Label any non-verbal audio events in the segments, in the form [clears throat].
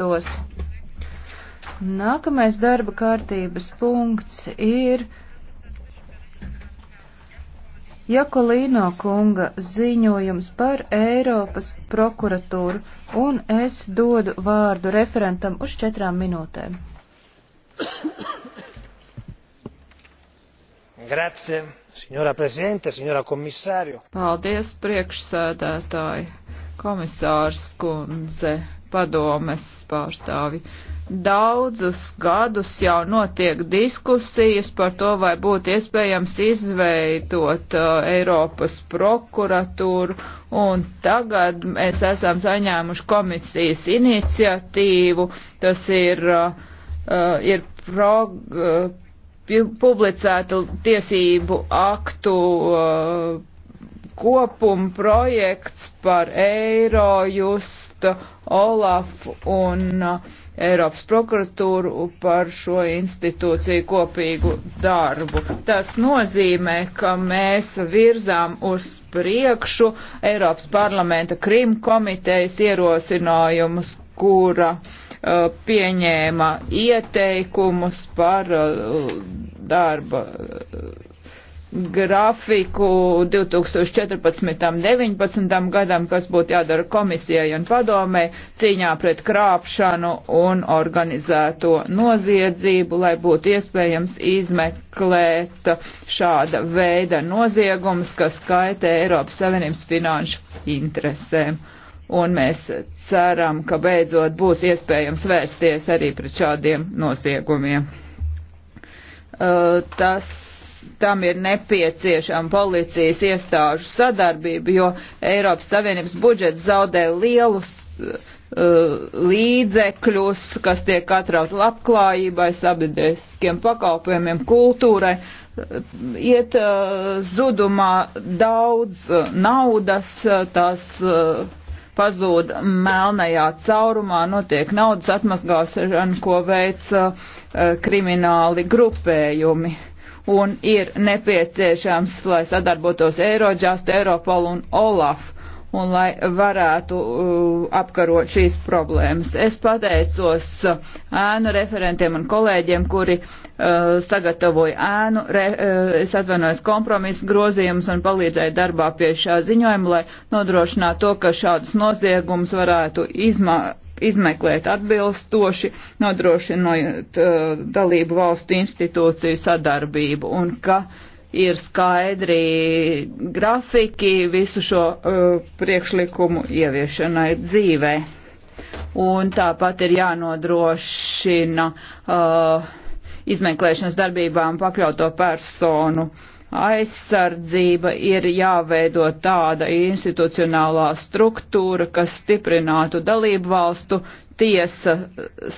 tos. Nākamais darba kārtības punkts ir Jakolīno kunga ziņojums par Eiropas prokuratūru, un es dodu vārdu referentam uz četrām minūtēm. Grazie, signora prezidente, signora komisārio. Paldies, priekšsēdētāji, komisārs kundze padomes pārstāvi. Daudzus gadus jau notiek diskusijas par to, vai būtu iespējams izveidot uh, Eiropas prokuratūru, un tagad mēs esam saņēmuši komisijas iniciatīvu, tas ir, uh, uh ir prog, uh, publicētu tiesību aktu uh, kopuma projekts par eiro, just Olaf un uh, Eiropas prokuratūru par šo institūciju kopīgu darbu. Tas nozīmē, ka mēs virzām uz priekšu Eiropas parlamenta Krim komitejas ierosinājumus, kura uh, pieņēma ieteikumus par uh, darba uh, grafiku 2014-19 gadam, kas būtu jādara komisijai un padomē cīņā pret krāpšanu un organizēto noziedzību, lai būtu iespējams izmeklēt šāda veida noziegums, kas kaitē Eiropas Savienības finanšu interesēm. Un mēs ceram, ka beidzot būs iespējams vērsties arī pret šādiem noziegumiem. Uh, tas tam ir nepieciešama policijas iestāžu sadarbība, jo Eiropas Savienības budžets zaudē lielus uh, līdzekļus, kas tiek atrauti labklājībai, sabiedriskiem pakalpojumiem, kultūrai. Uh, iet uh, zudumā daudz uh, naudas, uh, tās uh, pazūd melnajā caurumā, notiek naudas atmazgāšana, ko veic krimināli grupējumi un ir nepieciešams, lai sadarbotos Eirodžast, Eiropol un Olaf un lai varētu uh, apkarot šīs problēmas. Es pateicos uh, ēnu referentiem un kolēģiem, kuri uh, sagatavoja ēnu, re, uh, es atvainojos kompromisu grozījumus un palīdzēju darbā pie šā ziņojuma, lai nodrošinātu to, ka šādus noziegumus varētu izma izmeklēt atbilstoši, nodrošinot uh, dalību valstu institūciju sadarbību un ka ir skaidri grafiki visu šo uh, priekšlikumu ieviešanai dzīvē. Un tāpat ir jānodrošina uh, izmeklēšanas darbībām pakļauto personu uh, aizsardzība ir jāveido tāda institucionālā struktūra, kas stiprinātu dalību valstu tiesa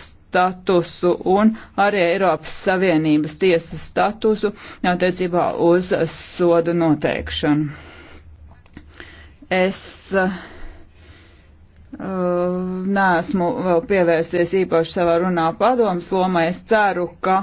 statusu un arī Eiropas Savienības tiesas statusu attiecībā uz sodu noteikšanu. Es uh, neesmu vēl pievērsies īpaši savā runā padomas lomai. Es ceru, ka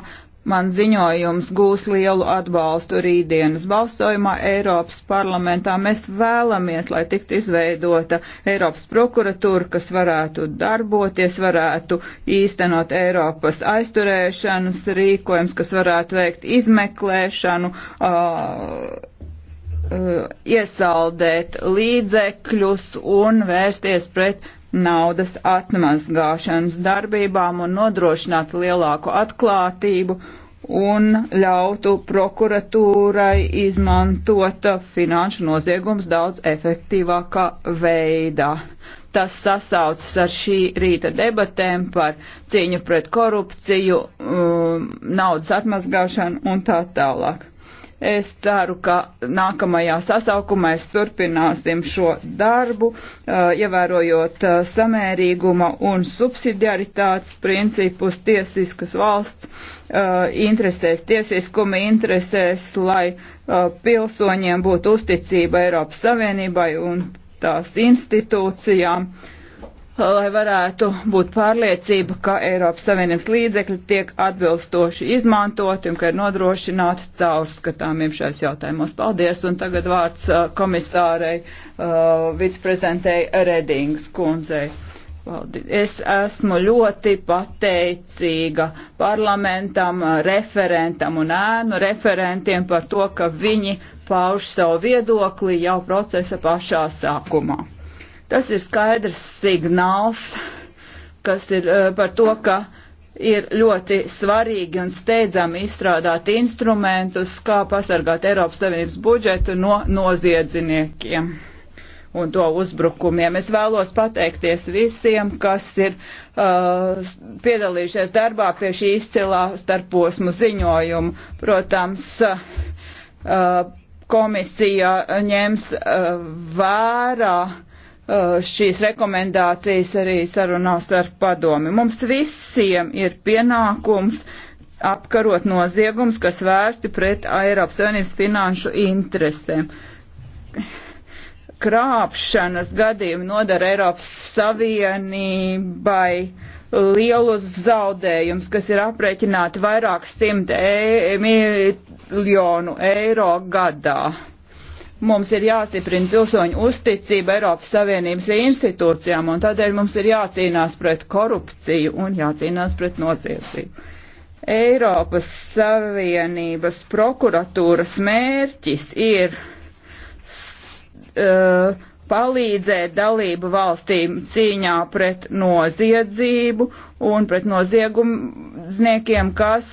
Man ziņojums gūs lielu atbalstu rītdienas balsojumā Eiropas parlamentā. Mēs vēlamies, lai tiktu izveidota Eiropas prokuratūra, kas varētu darboties, varētu īstenot Eiropas aizturēšanas rīkojums, kas varētu veikt izmeklēšanu, uh, iesaldēt līdzekļus un vērsties pret naudas atmazgāšanas darbībām un nodrošinātu lielāku atklātību un ļautu prokuratūrai izmantot finanšu noziegums daudz efektīvākā veidā. Tas sasaucas ar šī rīta debatēm par cīņu pret korupciju, um, naudas atmazgāšanu un tā tālāk. Es ceru, ka nākamajā sasaukumā mēs turpināsim šo darbu, uh, ievērojot uh, samērīguma un subsidiaritātes principus tiesiskas valsts uh, interesēs, tiesiskuma interesēs, lai pilsoņiem būtu uzticība Eiropas Savienībai un tās institūcijām. Uh, lai varētu būt pārliecība, ka Eiropas Savienības līdzekļi tiek atbilstoši izmantoti un ka ir nodrošināti caurskatāmiem šais jautājumos. Paldies, un tagad vārds uh, komisārei uh, viceprezidentei Redings kundzei. Paldies. Es esmu ļoti pateicīga parlamentam, uh, referentam un ēnu referentiem par to, ka viņi pauž savu viedokli jau procesa pašā sākumā. Tas ir skaidrs signāls, kas ir eh, par to, ka ir ļoti svarīgi un steidzami izstrādāt instrumentus, kā pasargāt Eiropas Savienības budžetu no noziedzniekiem un to uzbrukumiem. Es vēlos pateikties visiem, kas ir uh, piedalījušies darbā pie šī izcilā starposmu ziņojuma. Protams, uh, komisija ņems uh, vērā uh, Uh, šīs rekomendācijas arī sarunās ar padomi. Mums visiem ir pienākums apkarot noziegums, kas vērsti pret Eiropas Savienības finanšu interesēm. Krāpšanas gadījumi nodara Eiropas Savienībai lielus zaudējumus, kas ir aprēķināti vairāk simt e miljonu eiro gadā Mums ir jāstiprina pilsoņu uzticība Eiropas Savienības institūcijām, un tādēļ mums ir jācīnās pret korupciju un jācīnās pret noziedzību. Eiropas Savienības prokuratūras mērķis ir uh, palīdzēt dalību valstīm cīņā pret noziedzību un pret noziegumzniekiem, kas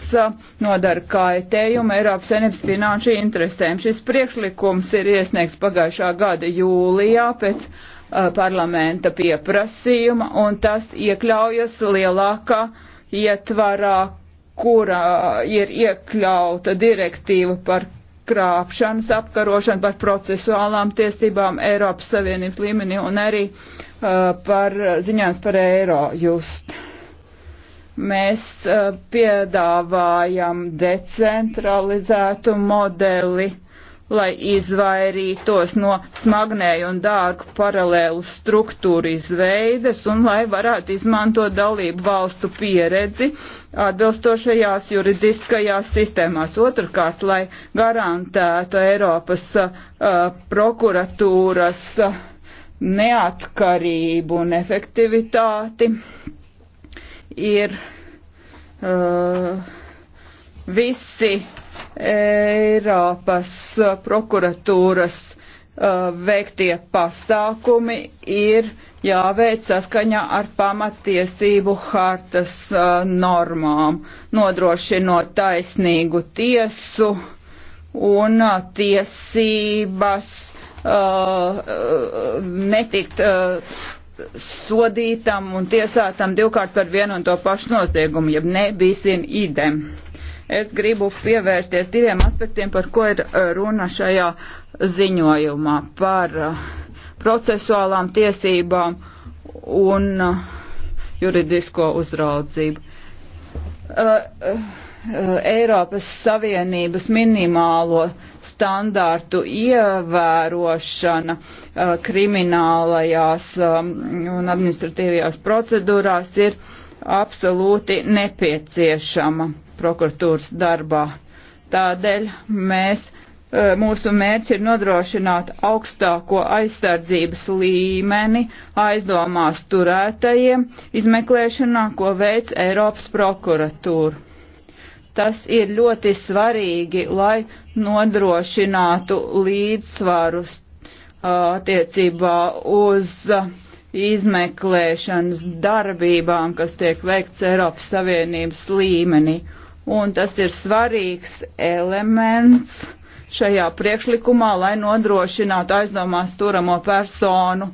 nodara kaitējumu Eiropas Savienības finanšu interesēm. Šis priekšlikums ir iesniegts pagājušā gada jūlijā pēc uh, parlamenta pieprasījuma, un tas iekļaujas lielākā ietvarā, kura ir iekļauta direktīva par krāpšanas apkarošanu, par procesuālām tiesībām Eiropas Savienības līmenī un arī uh, par ziņojums par eiro just. Mēs uh, piedāvājam decentralizētu modeli uh, lai izvairītos no smagnēju un dārgu paralēlu struktūru izveides un lai varētu izmantot dalību valstu pieredzi atbilstošajās juridiskajās sistēmās. Otrakārt, lai garantētu Eiropas uh, prokuratūras uh, neatkarību un efektivitāti ir uh, visi Eiropas uh, prokuratūras uh, veiktie pasākumi ir jāveic saskaņā ar pamatiesību hartas uh, normām, nodrošinot taisnīgu tiesu un tiesības netikt sodītam un tiesātam divkārt par vienu un to pašu noziegumu, ja nebīsim idem es gribu pievērsties diviem aspektiem, par ko ir eh, runa šajā ziņojumā - par eh, procesuālām tiesībām un eh, juridisko uzraudzību. Eiropas Savienības minimālo standārtu ievērošana kriminālajās un administratīvajās procedūrās ir absolūti nepieciešama prokuratūras darbā. Tādēļ mēs, e, mūsu mērķi ir nodrošināt augstāko aizsardzības līmeni aizdomās turētajiem izmeklēšanā, ko veic Eiropas prokuratūra. Tas ir ļoti svarīgi, lai nodrošinātu līdzsvaru attiecībā uz izmeklēšanas darbībām, kas tiek veikts Eiropas Savienības līmenī un tas ir svarīgs elements šajā priekšlikumā, lai nodrošinātu aizdomās turamo personu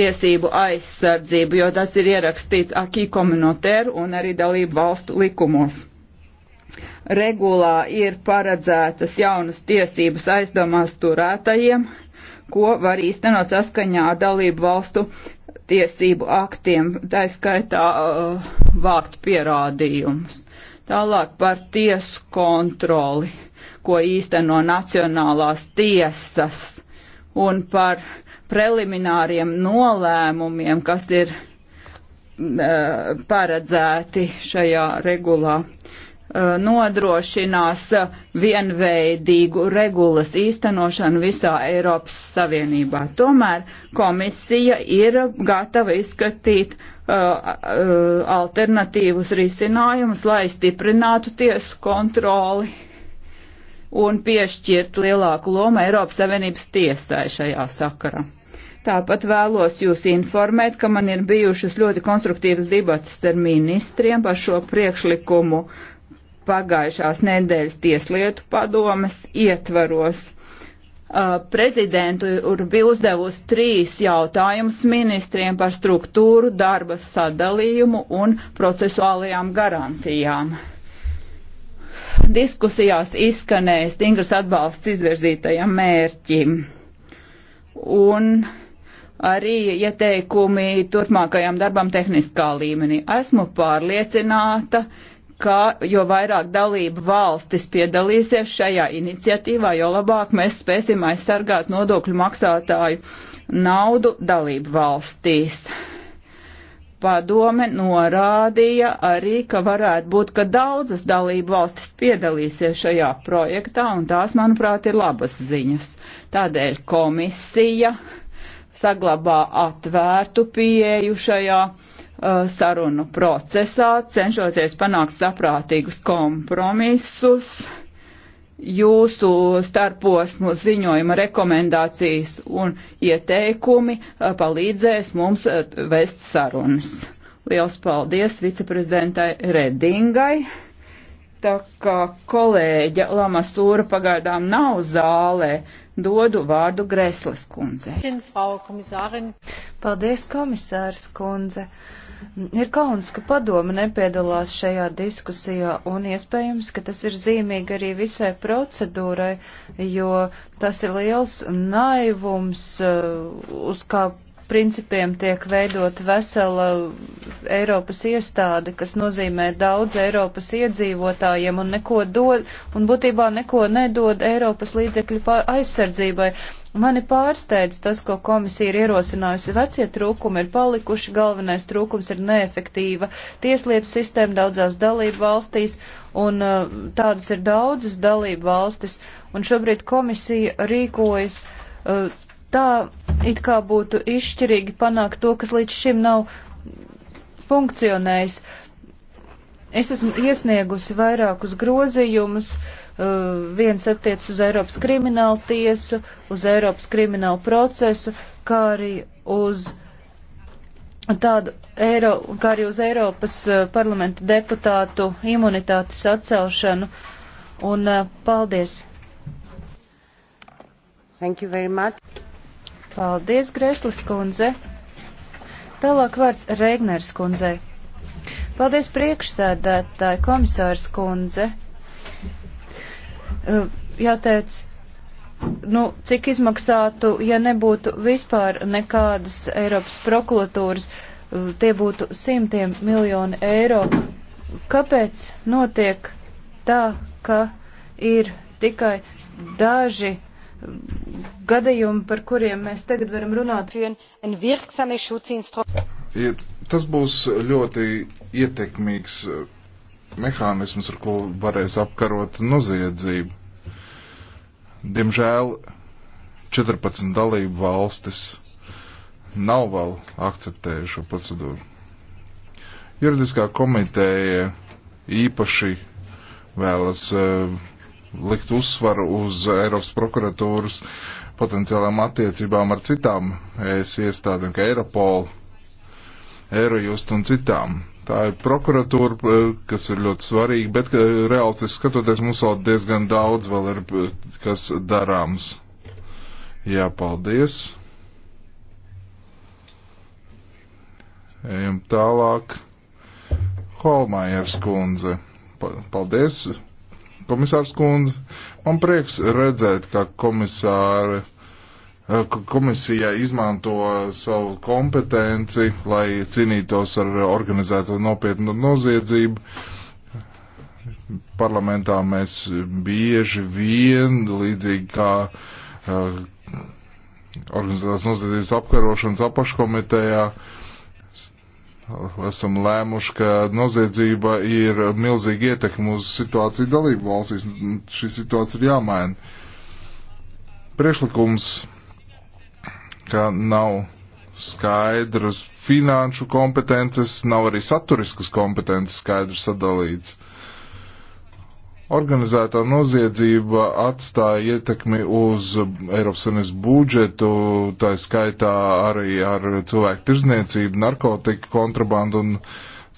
tiesību aizsardzību, jo tas ir ierakstīts akī komunotēru un arī dalību valstu likumos. Regulā ir paredzētas jaunas tiesības aizdomās turētajiem, ko var īstenot saskaņā ar dalību valstu tiesību aktiem, tā skaitā uh, vākt pierādījumus Tālāk par tiesu kontroli, ko īsteno Nacionālās tiesas, un par prelimināriem nolēmumiem, kas ir uh, paredzēti šajā regulā. Uh, nodrošinās vienveidīgu regulas īstenošanu visā Eiropas Savienībā. Tomēr komisija ir gatava izskatīt uh, uh, alternatīvus risinājumus, lai stiprinātu tiesu kontroli un piešķirt lielāku lomu Eiropas Savienības tiesai šajā sakarā. Tāpat vēlos jūs informēt, ka man ir bijušas ļoti konstruktīvas debatas ar ministriem par šo priekšlikumu pagājušās nedēļas tieslietu padomas ietvaros. Uh, prezidentu ir bija uzdevusi trīs jautājumus ministriem par struktūru, darba sadalījumu un procesuālajām garantijām diskusijās izskanēja stingrs atbalsts izvirzītajam mērķim. Un arī ieteikumi turpmākajam darbam tehniskā līmenī. Esmu pārliecināta, uh, ka jo vairāk dalību valstis piedalīsies šajā iniciatīvā, jo labāk mēs spēsim aizsargāt nodokļu maksātāju naudu dalību valstīs. Padome norādīja arī, ka varētu būt, ka daudzas dalību valstis piedalīsies šajā projektā, un tās, manuprāt, ir labas ziņas. Tādēļ komisija saglabā atvērtu pieeju šajā projektā Uh, sarunu procesā, cenšoties panākt saprātīgus kompromisus. Jūsu starposmu ziņojuma rekomendācijas un ieteikumi uh, palīdzēs mums uh, vest sarunas. Liels paldies viceprezidentai Redingai. Tā kā kolēģa Lamasūra pagaidām nav zālē, dodu vārdu Greslas kundze. Paldies, komisārs kundze. Ir kauns, ka padome nepiedalās šajā diskusijā, un iespējams, ka tas ir zīmīgi arī visai procedūrai, jo tas ir liels naivums, uh, uz kā principiem tiek veidot vesela Eiropas iestāde, kas nozīmē daudz Eiropas iedzīvotājiem un neko dod, un būtībā neko nedod Eiropas līdzekļu aizsardzībai. Mani pārsteidz tas, ko komisija ir ierosinājusi. Vecie trūkumi ir palikuši, galvenais trūkums ir neefektīva tieslietu sistēma daudzās dalību valstīs, un uh, tādas ir daudzas dalību valstis, un šobrīd komisija rīkojas uh, tā it kā būtu izšķirīgi panākt to, kas līdz šim nav funkcionējis. Es esmu iesniegusi vairākus grozījumus, uh, viens attiec uz Eiropas kriminālu tiesu, uz Eiropas kriminālu procesu, kā arī uz tādu Eiro, kā arī uz Eiropas uh, parlamenta deputātu imunitātes atcelšanu. Un uh, paldies! Thank you very much. Paldies, Greslis kundze. Tālāk vārds Reigners kundzei. Paldies, priekšsēdētāji, komisārs kundze. Jāteic, nu, cik izmaksātu, ja nebūtu vispār nekādas Eiropas prokuratūras, tie būtu simtiem miljoni eiro. Kāpēc notiek tā, ka ir tikai daži gadījumi, par kuriem mēs tagad varam runāt. Tas būs ļoti ietekmīgs eh, mehānisms, ar ko varēs apkarot noziedzību. Diemžēl 14 dalību valstis nav vēl akceptējuši šo procedūru. Juridiskā komiteja īpaši vēlas uh, likt uzsvaru uz Eiropas prokuratūras potenciālām attiecībām ar citām ES iestādēm, kā Eiropol, Eirojust un citām. Tā ir prokuratūra, eh, kas ir ļoti svarīga, bet eh, reālistiski skatoties, mums vēl diezgan daudz vēl ir eh, kas darāms. Jā, paldies. Ejam tālāk. Holmajers kundze. Paldies, komisārs kundze. Man prieks redzēt, ka komisāri, eh, komisija izmanto savu kompetenci, lai cīnītos ar organizēto nopietnu noziedzību. Parlamentā mēs bieži vien, līdzīgi kā uh, organizētās noziedzības apkarošanas apaškomitejā, uh, esam lēmuši, ka noziedzība ir milzīga ietekme uz situāciju dalību valstīs. Šī situācija ir jāmaina. Priekšlikums, ka nav skaidras finanšu kompetences, nav arī saturiskas kompetences skaidrs sadalīts. Uh, Organizētā noziedzība atstāja ietekmi uz Eiropas Savienības budžetu, tā skaitā arī ar cilvēku tirzniecību, narkotiku kontrabandu un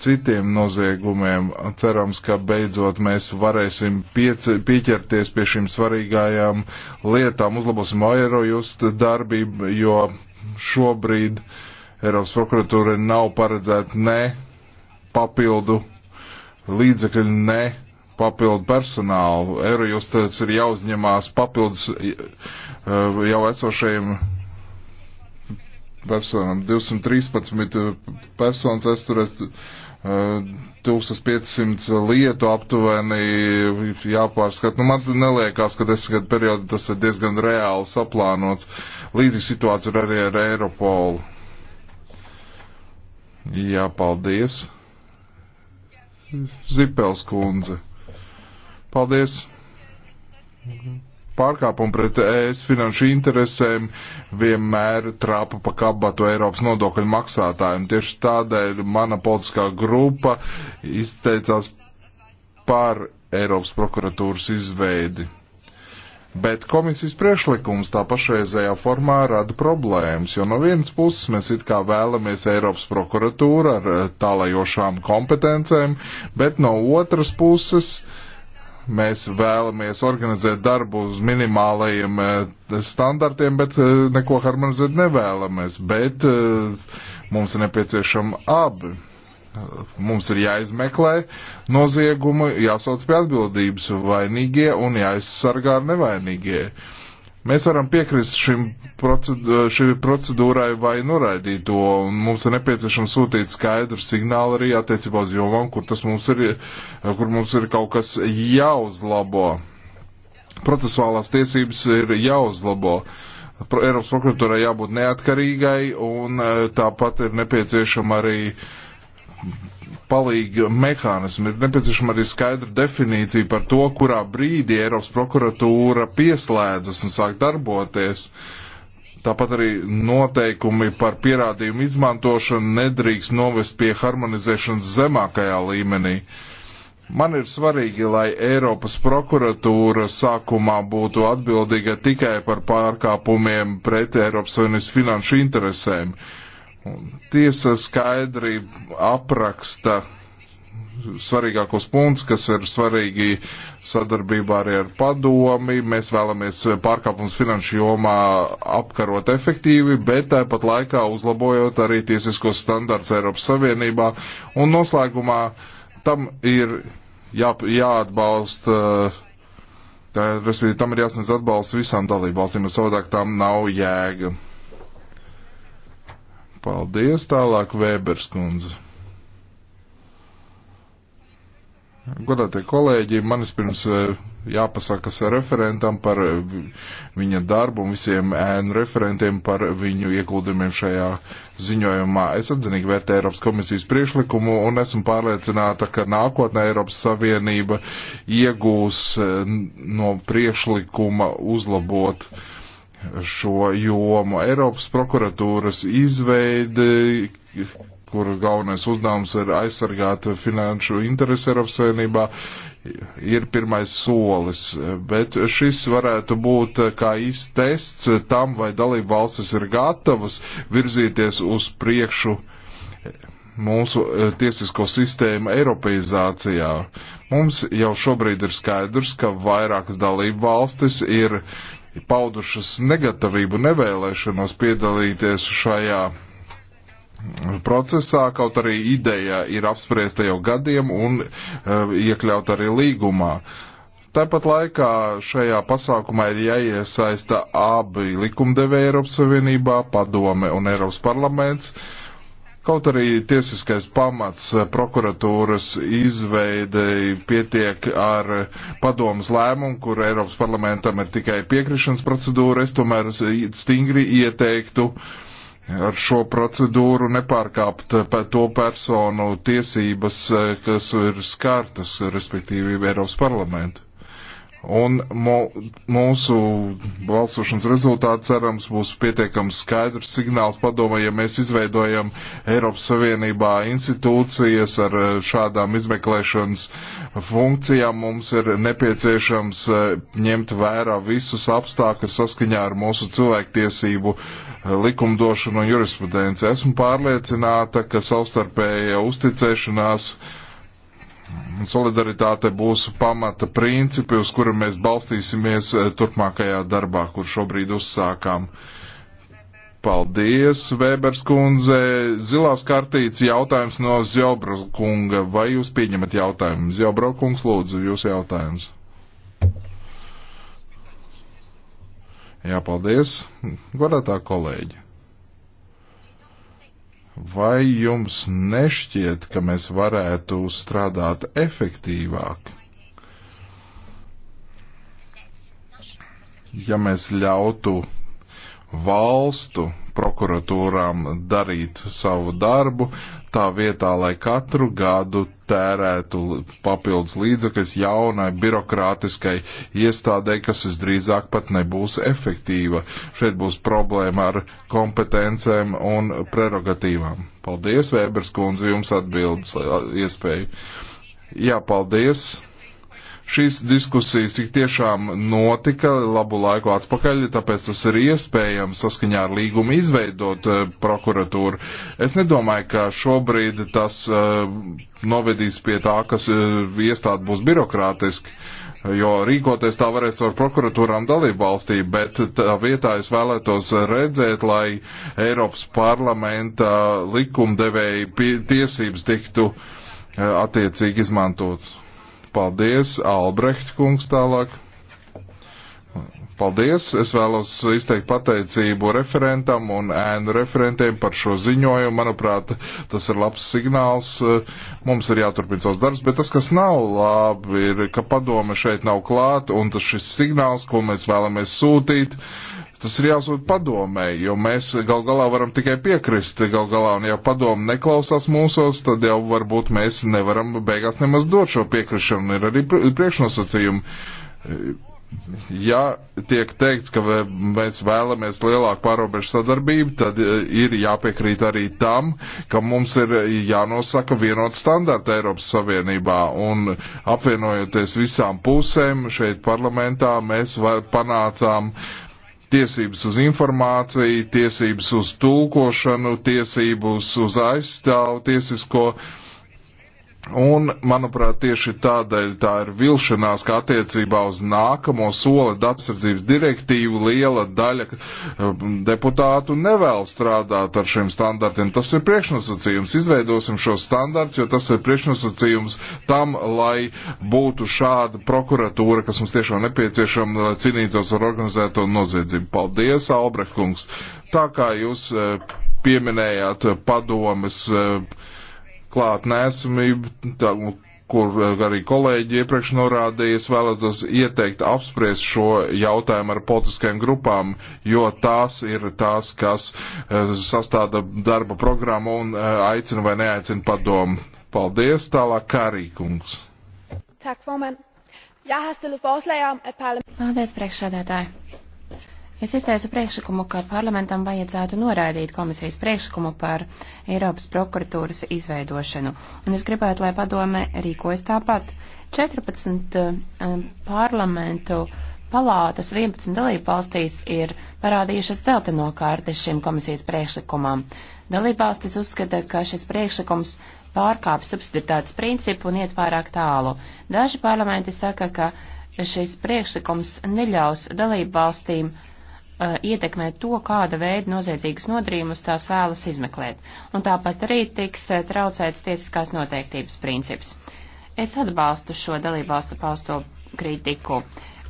citiem noziegumiem. Cerams, ka beidzot mēs varēsim piece, pieķerties pie šīm svarīgajām lietām, uzlabosim Eirojust darbību, jo šobrīd Eiropas prokuratūra nav paredzēta ne papildu līdzekļu, ne papildu personālu. Eurojust tas ir jāuzņemās papildus eh, jau esošajiem personām. 213 personas aizturēs 1500 eh, lietu aptuveni jāpārskat. Nu, man neliekās, ka desmit gadu periodā tas ir diezgan reāli saplānots. Līdzīga situācija ir arī ar Eiropolu. Jā, paldies. Zipels kundze. Paldies! Pārkāpumi pret ES finanšu interesēm vienmēr trāpa pa kabatu Eiropas nodokļu maksātājiem. Tieši tādēļ mana politiskā grupa izteicās par Eiropas prokuratūras izveidi. Bet komisijas priekšlikums tā pašreizējā formā rada problēmas, jo no vienas puses mēs it kā vēlamies Eiropas prokuratūru ar eh, tālajošām kompetencēm, bet no otras puses uh, mēs vēlamies organizēt darbu uz minimālajiem eh, standartiem, bet eh, neko harmonizēt nevēlamies. Bet eh, mums ir nepieciešama abi. Mums ir jāizmeklē noziegumi, jāsauc pie atbildības vainīgie un jāizsargā nevainīgie. Uh, Mēs varam piekrist šim procedu, šī procedūrai vai noraidīt to, un mums ir nepieciešams sūtīt skaidru signālu arī attiecībā uz jomām, kur, mums ir, kur mums ir kaut kas jāuzlabo. Procesuālās tiesības ir jāuzlabo. Eiropas prokuratūrai jābūt neatkarīgai, un eh, tāpat ir nepieciešama arī uh, palīga mehānismi. Ir nepieciešama arī skaidra definīcija par to, kurā brīdī Eiropas prokuratūra pieslēdzas un sāk darboties. Tāpat arī noteikumi par pierādījumu izmantošanu nedrīkst novest pie harmonizēšanas zemākajā līmenī. Man ir svarīgi, lai Eiropas prokuratūra sākumā būtu atbildīga tikai par pārkāpumiem pret Eiropas Savienības finanšu interesēm. Uh, Tiesa skaidri apraksta svarīgākos punktus, kas ir svarīgi sadarbībā arī ar padomi. Mēs vēlamies pārkāpums finanšu jomā apkarot efektīvi, bet tāpat laikā uzlabojot arī tiesiskos standarts Eiropas Savienībā. Un noslēgumā tam ir jā, jāatbalsta. Tā, respektīvi, tam ir jāsniedz atbalsts visām dalībvalstīm, jo savādāk tam nav jēga. Paldies, tālāk Vēberskundze. Godātie kolēģi, manis pirms e, jāpasakas referentam par e, viņa darbu un visiem ēnu referentiem par viņu ieguldījumiem šajā ziņojumā. Es atzinīgi vērtēju Eiropas komisijas priekšlikumu un esmu pārliecināta, ka nākotnē Eiropas Savienība iegūs e, no priekšlikuma uzlabot uh, šo jomu. Eiropas prokuratūras izveidi, kuras galvenais uzdevums ir aizsargāt finanšu interesu Eiropas savienībā, ir pirmais solis. Bet šis varētu būt kā īsts tests tam, vai dalību valstis ir gatavas virzīties uz priekšu mūsu eh, tiesisko sistēmu eiropeizācijā. Mums jau šobrīd ir skaidrs, ka vairākas dalību valstis ir uh, paudušas negatavību, nevēlēšanos piedalīties šajā procesā, kaut arī ideja ir apspriesta jau gadiem un eh, iekļaut arī līgumā. Tāpat laikā šajā pasākumā ir jāiesaista abi likumdevēja Eiropas Savienībā, padome un Eiropas parlaments, uh, Kaut arī tiesiskais pamats eh, prokuratūras izveidei pietiek ar eh, padomas lēmumu, kur Eiropas parlamentam ir tikai piekrišanas procedūra, es tomēr stingri ieteiktu ar šo procedūru nepārkāpt eh, to personu tiesības, kas ir skartas, respektīvi Eiropas parlamentu. Un mūsu balsošanas rezultāts, cerams, būs pietiekams skaidrs signāls padomē, ja mēs izveidojam Eiropas Savienībā institūcijas ar eh, šādām izmeklēšanas funkcijām. Mums ir nepieciešams eh, ņemt vērā visus apstākļus saskaņā ar mūsu cilvēktiesību eh, likumdošanu un jurisprudenci. Esmu pārliecināta, ka savstarpēja uzticēšanās Solidaritāte būs pamata principi, uz kura mēs balstīsimies eh, turpmākajā darbā, kur šobrīd uzsākām. Paldies, Vēbers kundze. Zilās kartītes jautājums no Zjobro kunga. Vai jūs pieņemat jautājumu? Zjobro kungs, lūdzu, jūsu jautājums. Jā, paldies. Godātā kolēģi. Vai jums nešķiet, ka mēs varētu strādāt efektīvāk? Ja mēs ļautu valstu prokuratūrām darīt savu darbu, tā vietā, lai katru gadu tērētu papildus līdzekļus jaunai birokrātiskai iestādē, kas visdrīzāk pat nebūs efektīva. Šeit būs problēma ar kompetencēm un prerogatīvām. Paldies, Vēbers kundze, jums atbildes iespēju. Jā, paldies Šīs diskusijas tik tiešām notika labu laiku atpakaļ, tāpēc tas ir iespējams saskaņā ar līgumu izveidot eh, prokuratūru. Es nedomāju, ka šobrīd tas eh, novedīs pie tā, kas eh, iestādi būs birokrātiski jo rīkoties tā varēs ar prokuratūrām dalību valstī, bet tā vietā es vēlētos redzēt, lai Eiropas parlamenta likumdevēji tiesības tiktu attiecīgi izmantotas. Paldies, Albrecht kungs tālāk. Paldies! Es vēlos izteikt pateicību referentam un ēnu referentiem par šo ziņojumu. Manuprāt, tas ir labs signāls. Mums ir jāturpina savs darbs, bet tas, kas nav labi, ir, ka padome šeit nav klāt un tas šis signāls, ko mēs vēlamies sūtīt, uh, Tas ir jāsūt padomē, jo mēs gal galā varam tikai piekrist gal galā, un ja padomu neklausās mūsos, tad jau varbūt mēs nevaram beigās nemaz dot šo piekrišanu, ir arī priekšnosacījumi. Ja tiek teikts, ka mēs vēlamies lielāku pārobežu sadarbību, tad e, ir jāpiekrīt arī tam, ka mums ir jānosaka vienot standārti Eiropas Savienībā. Un apvienojoties visām pusēm šeit parlamentā, mēs var, panācām tiesības uz informāciju, tiesības uz tulkošanu, tiesības uz aizstāvu tiesisko uh, Un, manuprāt, tieši tādēļ tā ir vilšanās, ka attiecībā uz nākamo soli datsardzības direktīvu liela daļa um, deputātu nevēl strādāt ar šiem standartiem. Tas ir priekšnosacījums. Izveidosim šo standarts, jo tas ir priekšnosacījums tam, lai būtu šāda prokuratūra, kas mums tiešām nepieciešama, lai cīnītos ar organizēto noziedzību. Paldies, Albrecht kungs. Tā kā jūs eh, pieminējāt padomes. Uh, klātnēsamību, kur arī kolēģi iepriekš norādīja, es vēlētos ieteikt apspriest šo jautājumu ar politiskajām grupām, jo tās ir tās, kas eh, sastāda darba programmu un eh, aicina vai neaicina padomu. Paldies, tālāk Karīkungs. Tak, formand. Jeg har stillet forslag om, at parlamentet... Paldies, priekšsēdētāji. Es izteicu priekšlikumu, ka parlamentam vajadzētu noraidīt komisijas priekšlikumu par Eiropas prokuratūras izveidošanu, un es gribētu, lai padome rīkojas tāpat. 14 eh, parlamentu palātas 11 dalību valstīs ir parādījušas dzelteno kārti šim komisijas priekšlikumam. Dalību valstis uzskata, ka šis priekšlikums pārkāp subsidiritātes principu un iet pārāk tālu. Daži parlamenti saka, ka šis priekšlikums neļaus dalību valstīm uh, Uh, ietekmē to, kāda veida noziedzīgas nodarījumus tās vēlas izmeklēt, un tāpat arī tiks uh, traucēts tiesiskās noteiktības princips. Es atbalstu šo dalībvalstu pausto kritiku.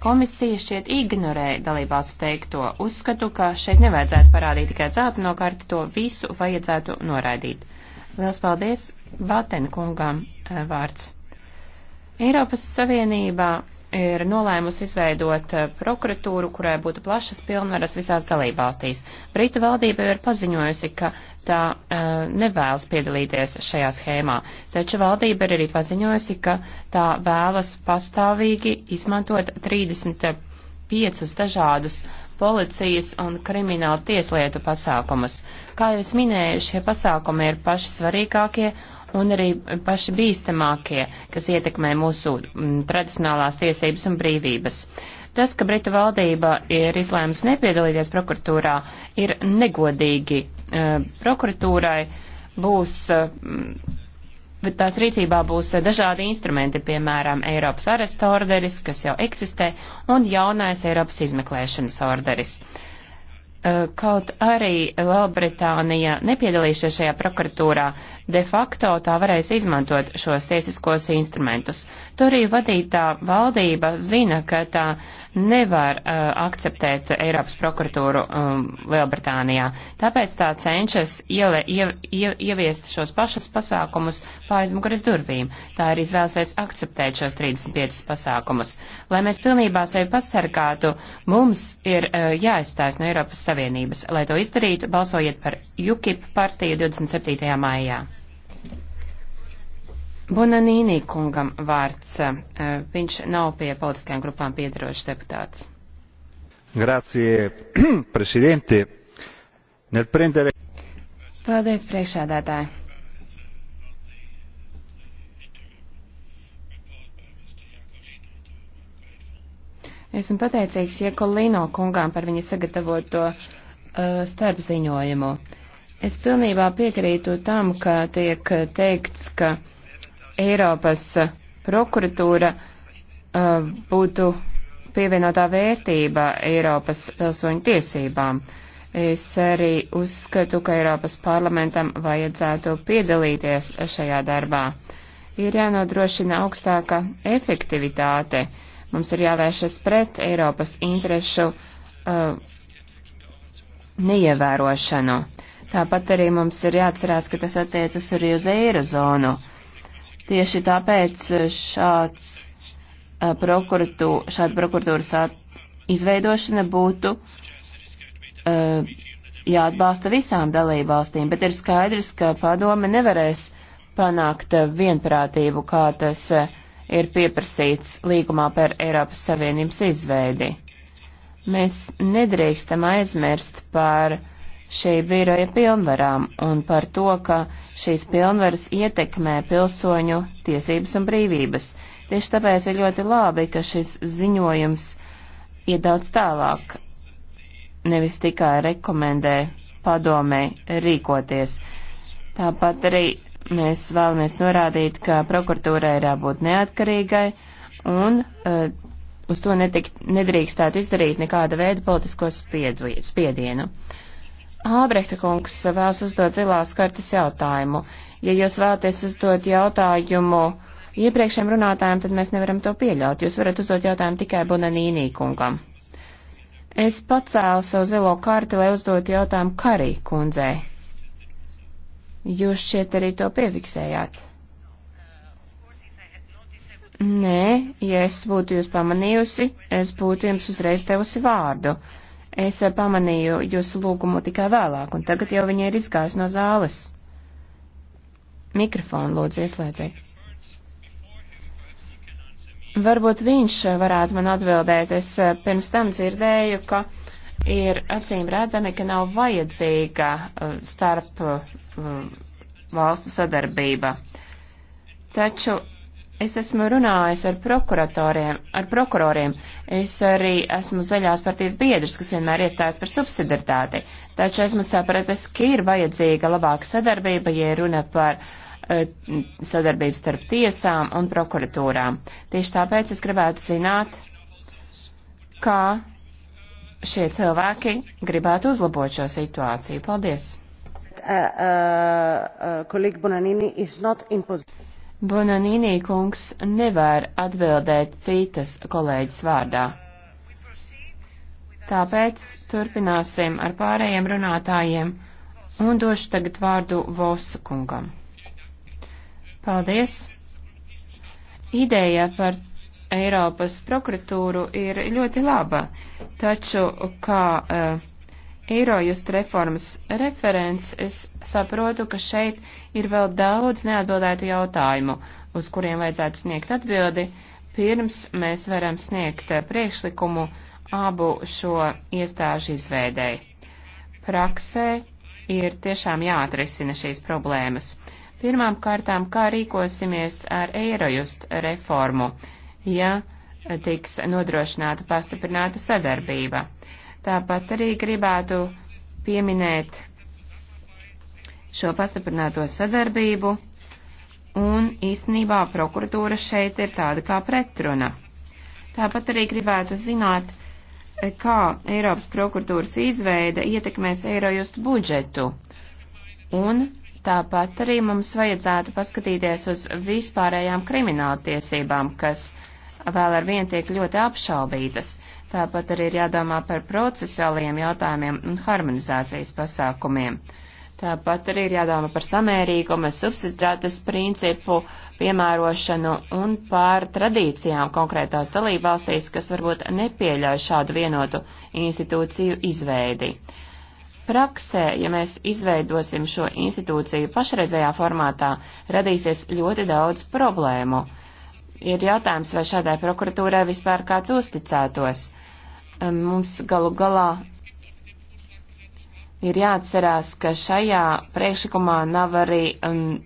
Komisija šķiet ignorē dalībvalstu teikto. Uzskatu, ka šeit nevajadzētu parādīt tikai zeltaino karti, to visu vajadzētu noraidīt. Liels paldies Vatenkungam uh, vārds. Eiropas Savienībā ir nolēmusi izveidot eh, prokuratūru, kurai būtu plašas pilnvaras visās dalībvalstīs. Brītu valdība ir paziņojusi, ka tā uh, nevēlas piedalīties šajā schēmā, taču valdība ir arī paziņojusi, ka tā vēlas pastāvīgi izmantot 35 dažādus policijas un krimināla tieslietu pasākumus. Kā jau es minēju, šie pasākumi ir paši svarīgākie un arī paši bīstamākie, kas ietekmē mūsu m, mm, tradicionālās tiesības un brīvības. Tas, ka Brita valdība ir izlēmusi nepiedalīties prokuratūrā, ir negodīgi. E, prokuratūrai būs, eh, bet tās rīcībā būs dažādi instrumenti, piemēram, Eiropas aresta orderis, kas jau eksistē, un jaunais Eiropas izmeklēšanas orderis. Eh, kaut arī Lielbritānija nepiedalīsies šajā prokuratūrā, de facto tā varēs izmantot šos tiesiskos instrumentus. Tur arī vadītā valdība zina, ka tā nevar uh, akceptēt Eiropas prokuratūru um, Lielbritānijā. Tāpēc tā cenšas iele, ie, ie, ieviest šos pašus pasākumus paizmuguras durvīm. Tā ir izvēlsies akceptēt šos 35 pasākumus. Lai mēs pilnībā sevi pasargātu, mums ir uh, jāizstājas no Eiropas Savienības. Lai to izdarītu, balsojiet par UKIP partiju 27. maijā. Bonanīnī kungam vārds. Eh, viņš nav pie politiskajām grupām piedarošs deputāts. Grācie, [clears throat] prezidenti. Prendere... Paldies, priekšādātāji. Esmu pateicīgs Jekolino kungām par viņa sagatavoto uh, starpziņojumu. Es pilnībā piekrītu tam, ka tiek teikts, ka uh, Eiropas prokuratūra uh, būtu pievienotā vērtība Eiropas pilsoņu tiesībām. Es arī uzskatu, ka Eiropas parlamentam vajadzētu piedalīties šajā darbā. Ir jānodrošina augstāka efektivitāte. Mums ir jāvēršas pret Eiropas interešu uh, neievērošanu. Tāpat arī mums ir jāatcerās, ka tas attiecas arī uz Eirozonu. Tieši tāpēc šāds eh, prokuratū, šāda prokuratūras izveidošana būtu uh, jāatbalsta visām dalībvalstīm, bet ir skaidrs, ka padome nevarēs panākt eh, vienprātību, kā tas ir pieprasīts līgumā par Eiropas Savienības izveidi. Mēs nedrīkstam aizmirst par uh, šī biroja pilnvarām un par to, ka šīs pilnvaras ietekmē pilsoņu tiesības un brīvības. Tieši tāpēc ir ļoti labi, ka šis ziņojums iet daudz tālāk, nevis tikai rekomendē padomē rīkoties. Tāpat arī mēs vēlamies norādīt, ka prokuratūrai ir jābūt neatkarīgai un uh, uz to netik, nedrīkstētu izdarīt nekāda veida politisko spiedienu. Ābrehta kungs vēlas uzdot zilās kartes jautājumu. Ja jūs vēlaties uzdot jautājumu iepriekšējiem runātājiem, tad mēs nevaram to pieļaut. Jūs varat uzdot jautājumu tikai Bonanīnī kungam. Es pacēlu savu zilo karti, lai uzdotu jautājumu Karī kundzei. Jūs šķiet arī to piefiksējāt. Nē, ja es būtu jūs pamanījusi, es būtu jums uzreiz devusi vārdu. Es pamanīju jūsu lūgumu tikai vēlāk, un tagad jau viņa ir izgājusi no zāles. Mikrofonu lūdzu ieslēdzēju. Varbūt viņš varētu man atbildēt. Es eh, pirms tam dzirdēju, ka ir acīm redzami, ka nav vajadzīga eh, starp eh, valstu sadarbība. Taču Es esmu runājis ar prokuratoriem, ar prokuroriem. Es arī esmu zaļās partijas biedrs, kas vienmēr iestājas par subsidiaritāti. Taču esmu sapratis, ka ir vajadzīga labāka sadarbība, ja runa par uh, sadarbību starp tiesām un prokuratūrām. Tieši tāpēc es gribētu zināt, kā šie cilvēki gribētu uzlabot šo situāciju. Paldies! Uh, uh, uh, Bonanīnī kungs nevar atbildēt citas kolēģis vārdā. Tāpēc turpināsim ar pārējiem runātājiem un došu tagad vārdu Vosa kungam. Paldies! Ideja par Eiropas prokuratūru ir ļoti laba, taču kā uh, Eirojust reformas referents, es saprotu, ka šeit ir vēl daudz neatbildētu jautājumu, uz kuriem vajadzētu sniegt atbildi, pirms mēs varam sniegt priekšlikumu abu šo iestāžu izveidēji. Praksē ir tiešām jāatrisina šīs problēmas. Pirmām kārtām, kā rīkosimies ar Eirojust reformu, ja tiks nodrošināta pastiprināta sadarbība. Tāpat arī gribētu pieminēt šo pastiprināto sadarbību, un īstenībā prokuratūra šeit ir tāda kā pretruna. Tāpat arī gribētu zināt, kā Eiropas prokuratūras izveida ietekmēs Eirojust budžetu, un tāpat arī mums vajadzētu paskatīties uz vispārējām krimināltiesībām, kas vēl ar vien tiek ļoti apšaubītas. Tāpat arī ir jādomā par procesuāliem jautājumiem un harmonizācijas pasākumiem. Tāpat arī ir jādomā par samērīgumu, subsidrātas principu piemērošanu un par tradīcijām konkrētās dalībvalstīs, kas varbūt nepieļauj šādu vienotu institūciju izveidi. Praksē, ja mēs izveidosim šo institūciju pašreizējā formātā, radīsies ļoti daudz problēmu. Ir jautājums, vai šādai prokuratūrai vispār kāds uzticētos mums galu galā ir jāatcerās, ka šajā priekšlikumā nav arī um,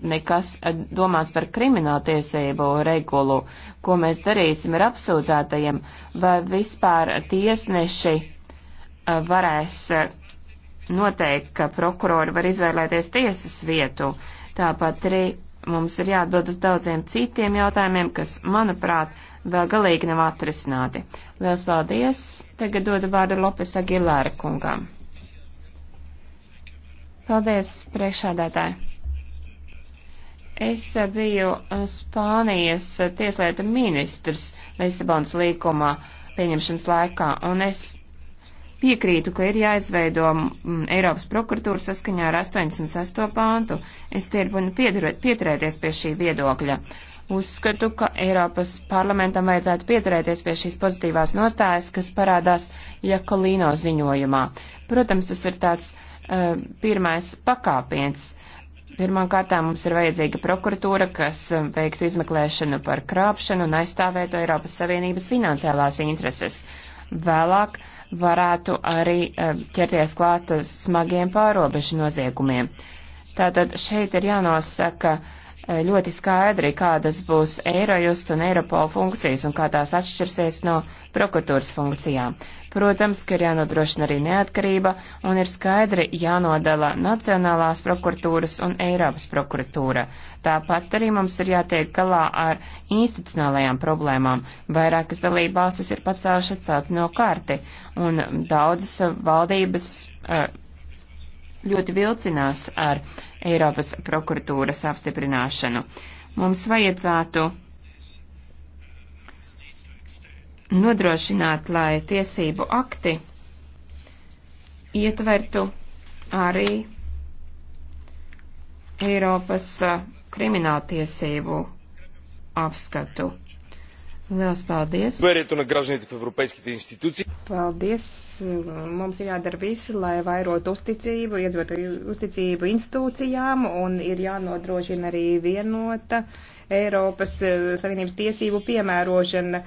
nekas eh, domāts par krimināltiesību regulu, ko mēs darīsim ar apsūdzētajiem, vai vispār tiesneši eh, varēs eh, noteikt, ka prokurori var izvēlēties tiesas vietu. Tāpat arī Mums ir jāatbild uz daudziem citiem jautājumiem, kas, manuprāt, vēl galīgi nav atrisināti. Lielas paldies! Tagad dodu vārdu Lopes Agilāra kungam. Paldies, priekšādātāji! Es biju Spānijas tieslietu ministrs Lisabonas līkumā pieņemšanas laikā, un es Piekrītu, ka ir jāizveido mm, Eiropas prokuratūra saskaņā ar 88. pāntu. Es tirpinu pieturēties pie šī viedokļa. Uzskatu, ka Eiropas parlamentam vajadzētu pieturēties pie šīs pozitīvās nostājas, kas parādās Jakolīno ziņojumā. Protams, tas ir tāds uh, pirmais pakāpiens. Pirmkārt, mums ir vajadzīga prokuratūra, kas eh, veiktu izmeklēšanu par krāpšanu un aizstāvētu Eiropas Savienības finansiālās intereses. Uh, vēlāk varētu arī eh, ķerties klāt smagiem pārobežu noziegumiem. Tātad šeit ir jānosaka Eh, ļoti skaidri, kādas būs Eirojust un Eiropola funkcijas un kā tās atšķirsies no prokuratūras funkcijām. Protams, ka ir jānodrošina arī neatkarība un ir skaidri jānodala Nacionālās prokuratūras un Eiropas prokuratūra. Tāpat arī mums ir jātiek galā ar institucionālajām problēmām. Vairākas dalībvalstis ir pacēlušas celti no kārti un daudzas valdības. Uh, ļoti vilcinās ar Eiropas prokuratūras apstiprināšanu. Mums vajadzētu nodrošināt, lai tiesību akti ietvertu arī Eiropas uh, krimināltiesību apskatu. Liels paldies! Paldies! mums jādara visi, lai vairot uzticību, iedzvot uzticību institūcijām un ir jānodrošina arī vienota Eiropas eh, Savienības tiesību piemērošana.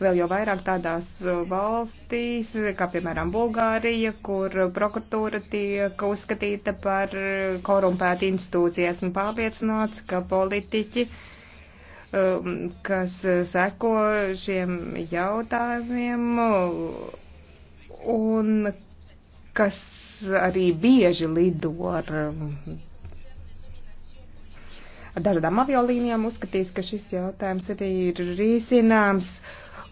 Vēl jau vairāk tādās eh, valstīs, kā piemēram Bulgārija, kur prokuratūra tiek uzskatīta par eh, korumpētu institūciju. Esmu pārliecināts, ka politiķi um, kas seko šiem jautājumiem, un kas arī bieži lido ar dažādām aviolīnijām, uzskatīs, ka šis jautājums arī ir risināms.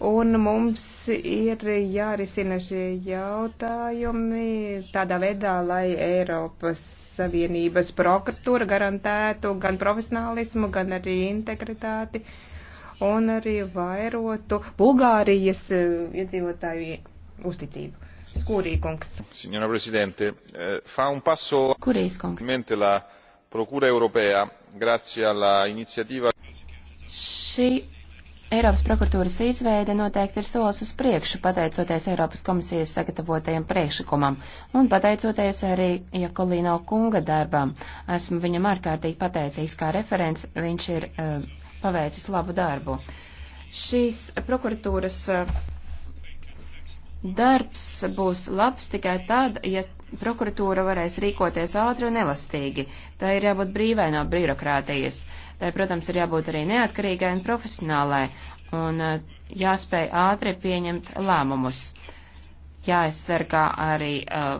Un mums ir jārisina šie jautājumi tādā veidā, lai Eiropas Savienības prokuratūra garantētu gan profesionālismu, gan arī integritāti un arī vairotu Bulgārijas eh, iedzīvotāju uzticību. Kurīkungs. Signora Presidente, eh, fa un passo mente la Procura Europea grazie alla iniziativa. Šī Eiropas prokuratūras izveide noteikti ir solis uz priekšu, pateicoties Eiropas komisijas sagatavotajam priekšlikumam un pateicoties arī Jakolīno kunga darbam. Esmu viņam ārkārtīgi pateicīgs kā referents, viņš ir uh, paveicis labu darbu. Šīs prokuratūras uh, Darbs būs labs tikai tad, ja prokuratūra varēs rīkoties ātri un elastīgi. Tā ir jābūt brīvai no birokrātijas. Tai, protams, ir jābūt arī neatkarīgai un profesionālai un eh, jāspēj ātri pieņemt lēmumus. Jāaizsargā arī uh,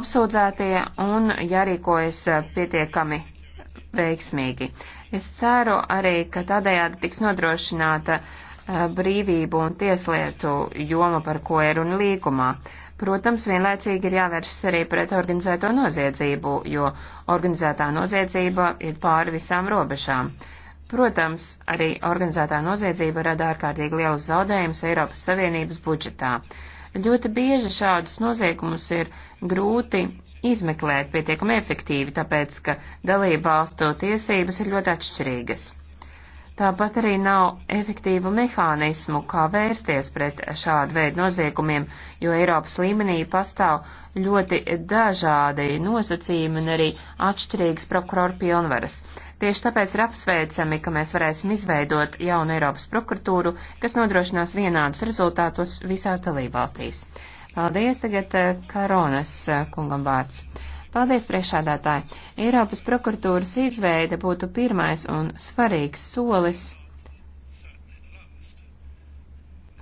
apsūdzētie un jārīkojas eh, pietiekami veiksmīgi. Es ceru arī, ka tādējādi tiks nodrošināta uh, brīvību un tieslietu joma, par ko ir un līgumā. Protams, vienlaicīgi ir jāvēršas arī pret organizēto noziedzību, jo organizētā noziedzība ir pāri visām robežām. Protams, arī organizētā noziedzība rada ārkārtīgi lielus zaudējumus Eiropas Savienības budžetā. Ļoti bieži šādus noziegumus ir grūti izmeklēt pietiekami efektīvi, tāpēc, ka dalību valstu tiesības ir ļoti atšķirīgas. Tāpat arī nav efektīvu mehānismu, kā vērsties pret šādu veidu noziegumiem, jo Eiropas līmenī pastāv ļoti dažādi nosacījumi un arī atšķirīgas prokuroru pilnvaras. Tieši tāpēc ir apsveicami, ka mēs varēsim izveidot jaunu Eiropas prokuratūru, kas nodrošinās vienādus rezultātus visās dalībvalstīs. Paldies, tagad eh, Karonas eh, kungam vārds. Paldies, priekšādātāji! Eiropas prokuratūras izveide būtu pirmais un svarīgs solis,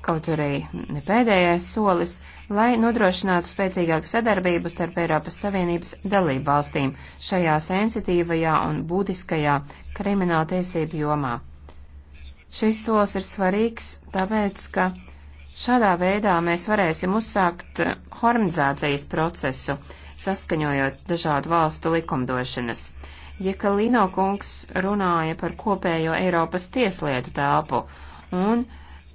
kaut arī ne pēdējais solis, lai nodrošinātu spēcīgāku sadarbību starp Eiropas Savienības dalību valstīm šajā sensitīvajā un būtiskajā krimināltiesību jomā. Šis solis ir svarīgs, tāpēc, ka šādā veidā mēs varēsim uzsākt harmonizācijas procesu saskaņojot dažādu valstu likumdošanas. Jekalino kungs runāja par kopējo Eiropas tieslietu telpu, un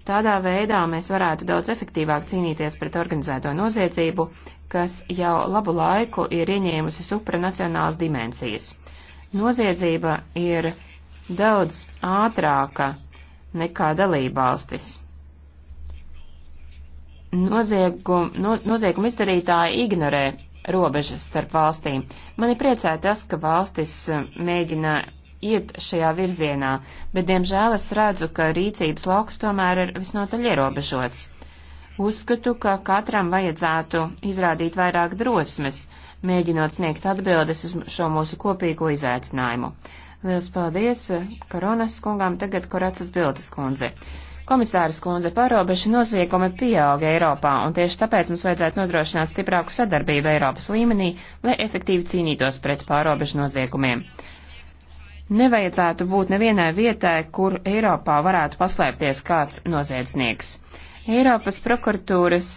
tādā veidā mēs varētu daudz efektīvāk cīnīties pret organizēto noziedzību, kas jau labu laiku ir ieņēmusi supranacionālas dimensijas. Noziedzība ir daudz ātrāka nekā dalībvalstis. Nozieguma no, noziegumu izdarītāji ignorē robežas starp valstīm. Mani priecāja tas, ka valstis eh, mēģina iet šajā virzienā, bet diemžēl es redzu, ka rīcības lauks tomēr ir visnotaļ ierobežots. Uzskatu, ka katram vajadzētu izrādīt vairāk drosmes, mēģinot sniegt atbildes uz šo mūsu kopīgo izaicinājumu. Liels paldies eh, Karonas kungām, tagad Koracas Bildes kundze. Komisāras kundze, pārobežu noziegumi pieauga Eiropā, un tieši tāpēc mums vajadzētu nodrošināt stiprāku sadarbību Eiropas līmenī, lai efektīvi cīnītos pret pārobežu noziegumiem. Nevajadzētu būt nevienai vietai, kur Eiropā varētu paslēpties kāds noziedznieks. Eiropas prokuratūras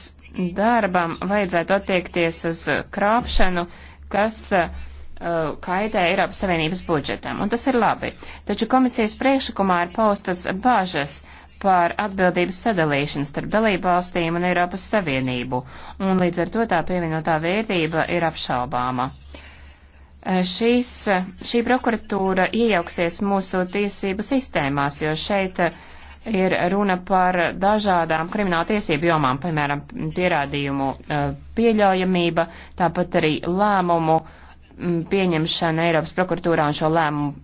darbam vajadzētu attiekties uz krāpšanu, kas uh, kaitē Eiropas Savienības budžetam, un tas ir labi. Taču komisijas priekšlikumā ir paustas bāžas par atbildības sadalīšanu starp dalībvalstīm un Eiropas Savienību, un līdz ar to tā pievienotā vērtība ir apšaubāma. Eh, šīs, eh, šī prokuratūra iejauksies mūsu tiesību sistēmās, jo šeit eh, ir runa par dažādām krimināla tiesību jomām, piemēram, pierādījumu pieļaujamība, tāpat arī lēmumu mm, pieņemšana Eiropas prokuratūrā un šo lēmumu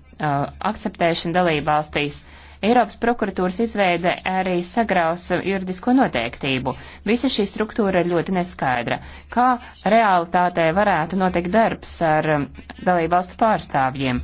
akceptēšana dalībvalstīs. valstīs Eiropas prokuratūras izveide arī sagraus juridisko noteiktību. Visa šī struktūra ir ļoti neskaidra. Kā realitātē varētu noteikt darbs ar um, dalību valstu pārstāvjiem?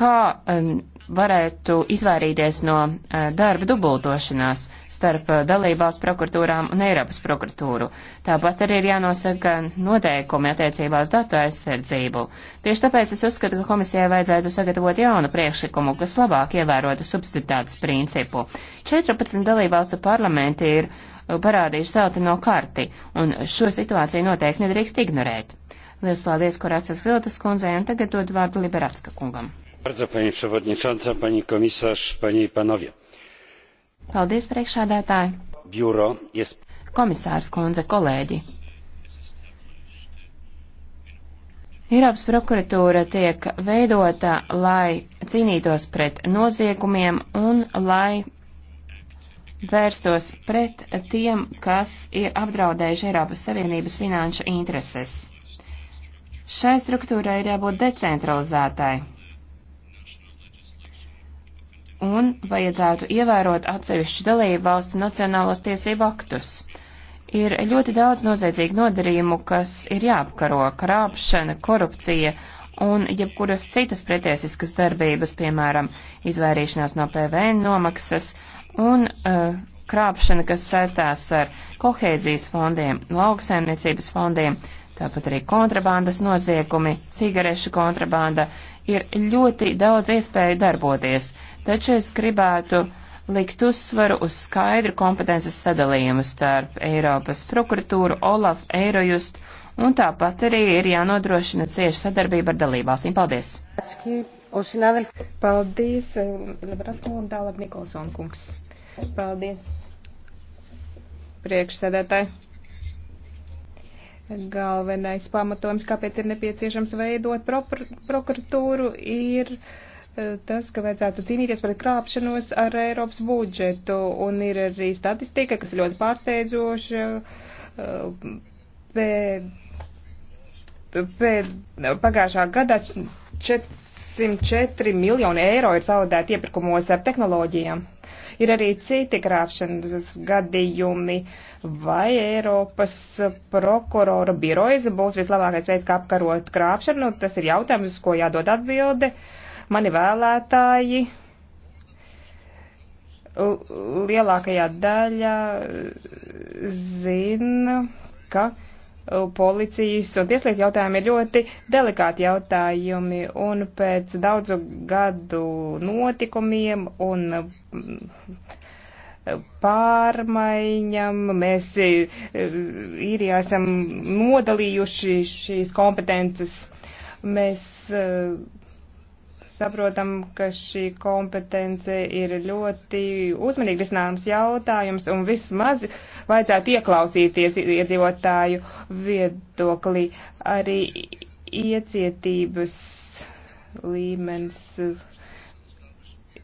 Kā um, varētu izvairīties no uh, darba dubultošanās? Uh, starp eh, dalībās prokuratūrām un Eiropas prokuratūru. Tāpat arī ir jānosaka noteikumi attiecībās datu aizsardzību. Tieši tāpēc es uzskatu, ka komisijai vajadzētu sagatavot jaunu priekšlikumu, kas labāk ievērotu substitātes principu. 14 dalībvalstu parlamenti ir eh, parādījuši zeltaino karti, un šo situāciju noteikti nedrīkst ignorēt. Lielas paldies, Korācas Viltas kundzei, un tagad dod vārdu Liberatska kungam. Bardzo, pani przewodnicząca, pani komisarz, panie i panowie. Paldies, priekšādētāji. Bjuro, yes. Komisārs kundze, kolēģi. Eiropas prokuratūra tiek veidota, lai cīnītos pret noziegumiem un lai vērstos pret tiem, kas ir apdraudējuši Eiropas Savienības finanšu intereses. Šai struktūrai ir jābūt decentralizētai, un vajadzētu ievērot atsevišķu dalību valstu nacionālos tiesību aktus. Ir ļoti daudz noziedzīgu nodarījumu, kas ir jāapkaro - krāpšana, korupcija un jebkuras citas pretiesiskas darbības, piemēram, izvairīšanās no PVN nomaksas un uh, krāpšana, kas saistās ar kohēzijas fondiem, lauksaimniecības fondiem, uh, tāpat arī kontrabandas noziegumi, cigarešu kontrabanda, ir ļoti daudz iespēju darboties, taču es gribētu likt uzsvaru uz skaidru kompetences sadalījumu starp Eiropas prokuratūru, Olaf, Eirojust, un tāpat arī ir jānodrošina cieša sadarbība ar dalībvalstīm. Paldies! Paldies, Lebratko un tālāk Nikolson kungs. Paldies, priekšsēdētāji. Galvenais pamatojums, kāpēc ir nepieciešams veidot prokuratūru, ir eh, tas, ka vajadzētu cīnīties pret krāpšanos ar Eiropas budžetu. Un ir arī statistika, kas ļoti pārsteidzoša. Pēd, eh, pēd, pagājušā gadā 404 miljoni eiro ir zaudēti iepirkumos ar tehnoloģijām. Uh, Ir arī citi krāpšanas gadījumi, vai Eiropas prokurora birojas būs vislabākais veids, kā apkarot krāpšanu. Nu, tas ir jautājums, uz ko jādod atbilde. Mani vēlētāji lielākajā daļā zina, ka policijas un tieslietu jautājumi ir ļoti delikāti jautājumi, un pēc daudzu gadu notikumiem un mm, pārmaiņam mēs e, īrijā esam nodalījuši šīs kompetences. Mēs e, saprotam, ka šī kompetence ir ļoti uzmanīgi risināms jautājums un vismaz vajadzētu ieklausīties iedzīvotāju viedoklī. Arī iecietības līmenis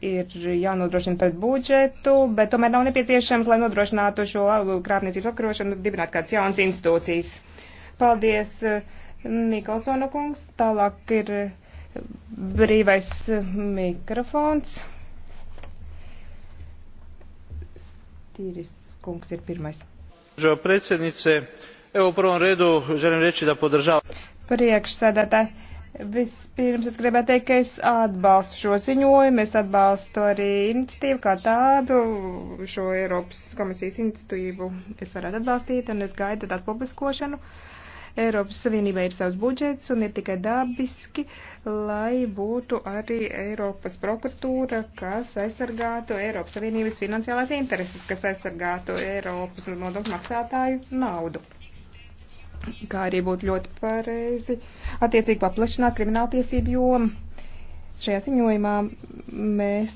ir jānodrošina pret budžetu, bet tomēr nav nepieciešams, lai nodrošinātu šo krāpniecības apkarošanu, dibināt kādas jaunas institūcijas. Paldies, Nikolsona kungs. Tālāk ir brīvais mikrofons. Stīris kungs ir pirmais. Priekšsēdētāji, vispirms es gribētu teikt, ka es atbalstu šo ziņojumu, es atbalstu arī iniciatīvu kā tādu, šo Eiropas komisijas iniciatīvu es varētu atbalstīt, un es gaidu tādu publiskošanu. Uh, Eiropas Savienībai ir savs budžets un ir tikai dabiski, lai būtu arī Eiropas prokuratūra, kas aizsargātu Eiropas Savienības finansiālās intereses, kas aizsargātu Eiropas nodokļu maksātāju naudu. Kā arī būtu ļoti pareizi attiecīgi paplašināt krimināltiesību jomu. Šajā ziņojumā mēs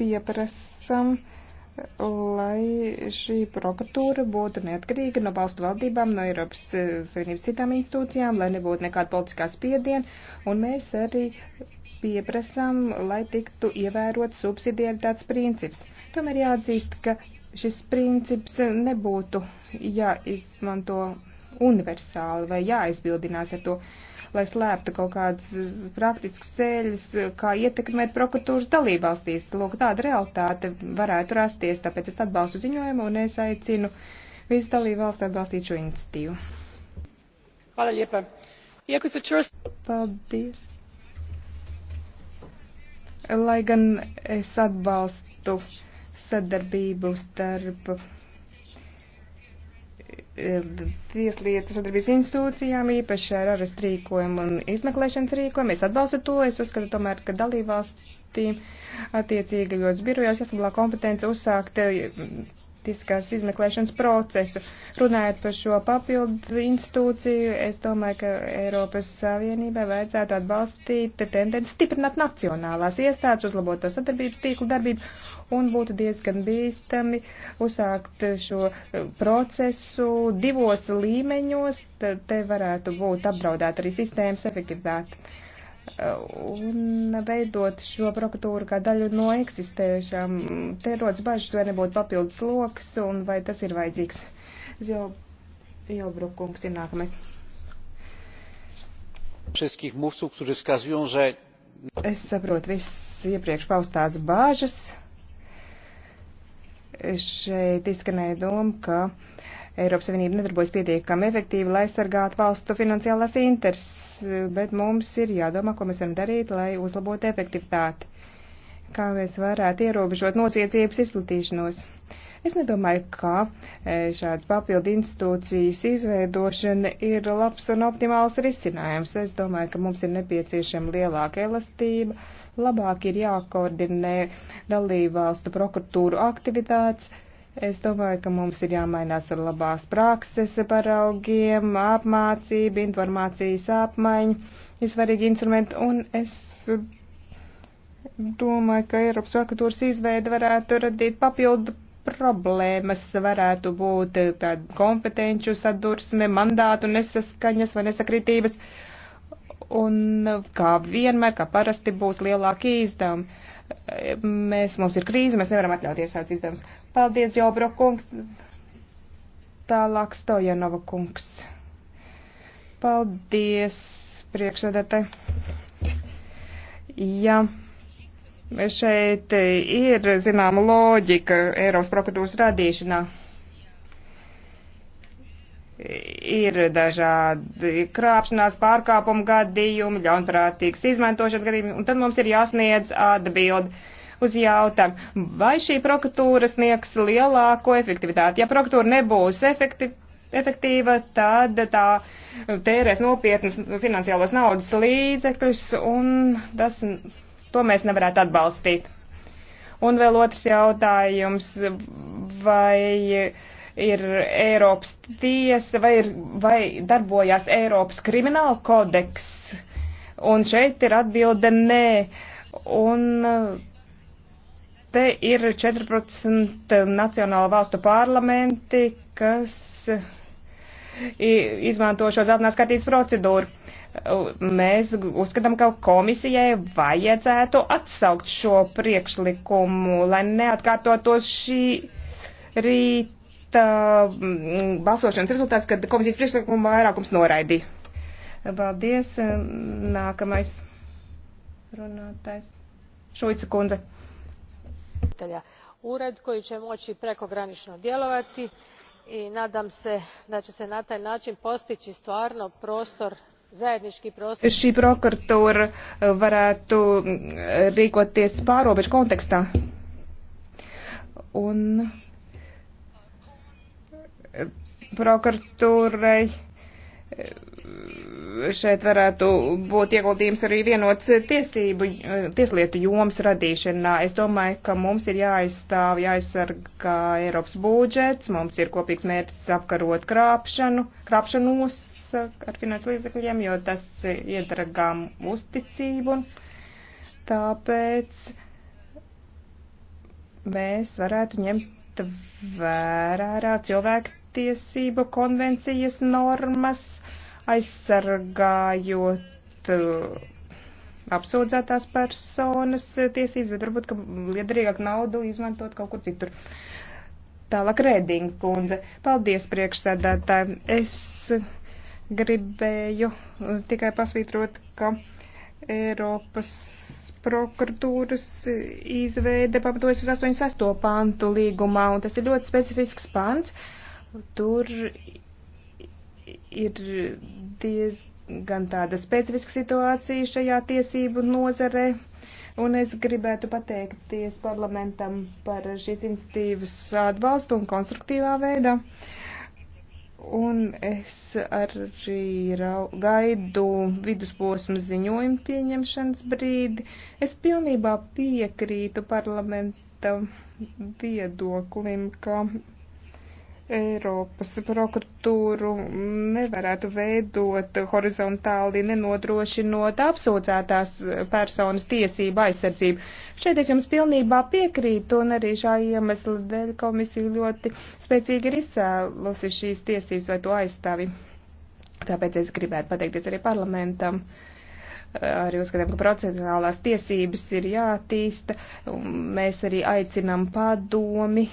pieprasam uh, lai šī prokuratūra būtu neatkarīga no valstu valdībām, no Eiropas eh, Savienības citām institūcijām, lai nebūtu nekāda politiskā spiediena, un mēs arī pieprasām, lai tiktu ievērot subsidiaritātes princips. Tomēr jāatzīst, ka šis princips nebūtu jāizmanto universāli vai jāaizbildinās ar to. Uh, lai slēptu kaut kādas eh, praktiskas sēļas, kā ietekmēt prokuratūras dalībvalstīs. Lūk, tāda realitāte varētu rasties, tāpēc es atbalstu ziņojumu un es aicinu visu dalībvalstu atbalstīt šo iniciatīvu. Hvala lijepa. Iako se čvrsto... Paldies. Lai gan es atbalstu sadarbību starp tieslietu sadarbības institūcijām, īpaši ar arestu rīkojumu un izmeklēšanas rīkojumu. Es atbalstu to. Es uzskatu tomēr, ka dalībvalstīm attiecīgajos birojos jāsaglabā kompetence uzsākt eh, tiskās izmeklēšanas procesu. Runājot par šo papildu institūciju, es domāju, ka Eiropas Savienībai vajadzētu atbalstīt tendenci stiprināt nacionālās iestādes, uzlabot to sadarbības tīklu darbību un būtu diezgan bīstami uzsākt šo eh, procesu divos līmeņos, tad te varētu būt apdraudēta arī sistēmas efektivitāte. Eh, un veidot šo prokuratūru kā daļu no eksistējušām, te rodas bažas, vai nebūtu papildus loks un vai tas ir vajadzīgs. Jau, jau brukums ir nākamais. Wszystkich mówców, którzy wskazują, że Es saprotu visas iepriekš paustās bāžas, šeit izskanēja doma, ka Eiropas Savienība nedarbojas pietiekami efektīvi, lai aizsargātu valstu finansiālās intereses, bet mums ir jādomā, ko mēs varam darīt, lai uzlabotu efektivitāti. Kā mēs varētu ierobežot nociedzības izplatīšanos? Es nedomāju, ka e, šāds papildu institūcijas izveidošana ir labs un optimāls risinājums. Es domāju, ka mums ir nepieciešama lielāka elastība Labāk ir jākoordinē dalībvalstu prokuratūru aktivitātes. Es domāju, ka mums ir jāmainās ar labās prakses paraugiem, apmācību, informācijas apmaiņu, ir svarīgi instrumenti, un es domāju, ka Eiropas prokuratūras izveida varētu radīt papildu problēmas, varētu būt tāda kompetenču sadursme, mandātu nesaskaņas vai nesakritības. Uh, un kā vienmēr, kā parasti būs lielāki izdevumi. Mēs, mums ir krīze, mēs nevaram atļauties šāds izdevums. Paldies, Jobro kungs. Tālāk Stojanova kungs. Paldies, priekšsēdētāji. Jā. Šeit ir zināma loģika Eiropas prokuratūras radīšanā ir dažādi krāpšanās, pārkāpuma gadījumi, ļaunprātīgas izmantošanas gadījumi, un tad mums ir jāsniedz atbildi uz jautājumu, vai šī prokuratūra sniegs lielāko efektivitāti. Ja prokuratūra nebūs efekti, efektīva, tad tā tērēs nopietnas finansiālos naudas līdzekļus, un tas, to mēs nevarētu atbalstīt. Un vēl otrs jautājums, vai ir Eiropas tiesa vai, ir, vai darbojās Eiropas krimināla kodeks. Un šeit ir atbilde nē. Un uh, te ir 4% uh, nacionāla valstu parlamenti, kas uh, izmanto šo zeltnās kartītes procedūru. Mēs uzskatām, ka komisijai vajadzētu atsaukt šo priekšlikumu, lai neatkārtotos šī rīt bet uh, mm, balsošanas rezultāts, kad komisijas priekšlikuma vairākums noraidīja. Paldies. Uh, nākamais runātājs. Šuica kundze. Ured koji će moći prekogranično djelovati i nadam se da će se na taj način postići stvarno prostor Šī prokuratūra varētu rīkoties pārobežu kontekstā. Un prokuratūrai šeit varētu būt ieguldījums arī vienots tiesību, tieslietu joms radīšanā. Es domāju, ka mums ir jāaizstāv, jāaizsargā Eiropas budžets, mums ir kopīgs mērķis apkarot krāpšanu, krāpšanos ar finansu līdzekļiem, jo tas iedragām uzticību. Tāpēc mēs varētu ņemt vērā cilvēku pamatiesību konvencijas normas, aizsargājot uh, apsūdzētās personas tiesības, bet varbūt, ka liederīgāk naudu izmantot kaut kur citur. Tālāk Rēdinga kundze. Paldies priekšsēdētāji. Es gribēju tikai pasvītrot, ka Eiropas prokuratūras izveide pamatojas uz 86. pantu līgumā, un tas ir ļoti specifisks pants, Tur ir diezgan tāda specifiska situācija šajā tiesību nozare. Un es gribētu pateikties parlamentam par šīs institīvas atbalstu un konstruktīvā veidā. Un es arī gaidu vidusposmu ziņojumu pieņemšanas brīdi. Es pilnībā piekrītu parlamenta viedoklim, ka Eiropas prokuratūru nevarētu veidot horizontāli nenodrošinot apsūdzētās personas tiesību aizsardzību. Šeit es jums pilnībā piekrītu, un arī šā iemesla dēļ komisija ļoti spēcīgi ir izcēlusi šīs tiesības vai to aizstāvi. Tāpēc es gribētu pateikties arī parlamentam. Arī uzskatām, ka procesuālās tiesības ir jātīsta. Mēs arī aicinām padomi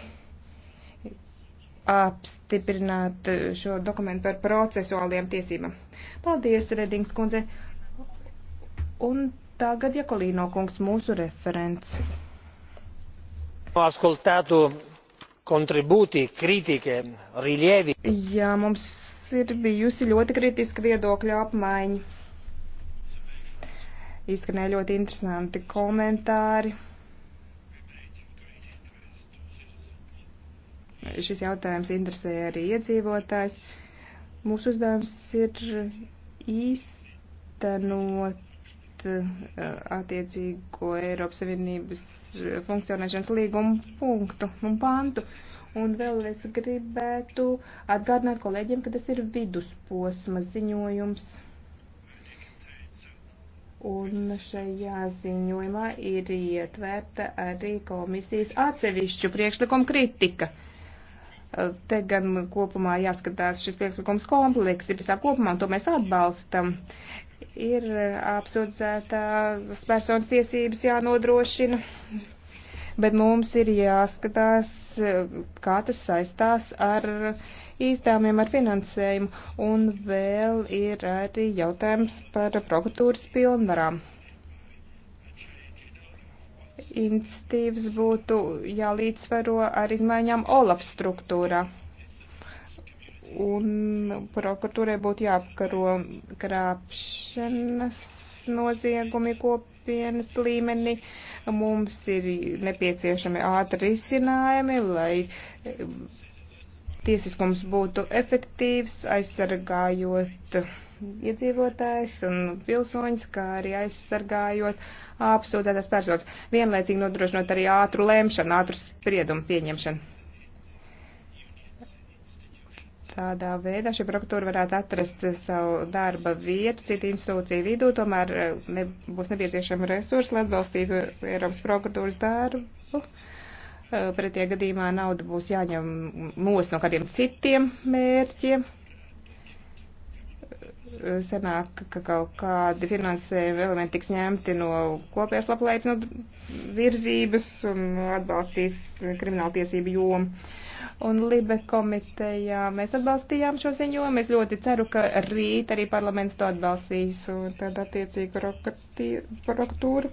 apstiprināt šo dokumentu par procesuāliem tiesībām. Paldies, Redings kundze. Un tagad Jakolīno kungs mūsu referents. Ascoltato contributi, critiche, rilievi. Jā, mums ir bijusi ļoti kritiska viedokļa apmaiņa. Izskanēja ļoti interesanti komentāri. šis jautājums interesē arī iedzīvotājs. Mūsu uzdevums ir īstenot eh, attiecīgo Eiropas Savienības funkcionēšanas līgumu punktu un pantu. Un vēl es gribētu atgādināt kolēģiem, ka tas ir vidusposma ziņojums. Un šajā ziņojumā ir ietverta arī komisijas atsevišķu priekšlikumu kritika. Uh, Te gan kopumā jāskatās šis priekšlikums kompleks, ir visā kopumā, un to mēs atbalstam. Ir apsūdzētās personas tiesības jānodrošina, bet mums ir jāskatās, kā tas saistās ar īstēmiem, ar finansējumu, un vēl ir arī jautājums par prokuratūras pilnvarām iniciatīvas būtu jālīdzsvaro ar izmaiņām OLAP struktūrā. Un prokuratūrai būtu jāapkaro krāpšanas noziegumi kopienas līmenī. Mums ir nepieciešami ātri risinājumi, lai tiesiskums būtu efektīvs, aizsargājot iedzīvotājs un pilsoņus, kā arī aizsargājot apsūdzētās personas, vienlaicīgi nodrošinot arī ātru lēmšanu, ātru spriedumu pieņemšanu. Tādā veidā šī prokuratūra varētu atrast savu darba vietu citu institūciju vidū, tomēr eh, ne, būs nepieciešama resursa, lai atbalstītu Eiropas prokuratūras darbu. Uh, Eh, pretie gadījumā nauda būs jāņem nos no kādiem citiem mērķiem. Eh, Senāk, ka kaut kādi finansējumi elementi tiks ņemti no kopējās labklājības no nu, virzības un atbalstīs krimināltiesību jomu un Libe komitejā mēs atbalstījām šo ziņojumu. Es ļoti ceru, ka rīt arī parlaments to atbalstīs un tad attiecīgi prokuratūra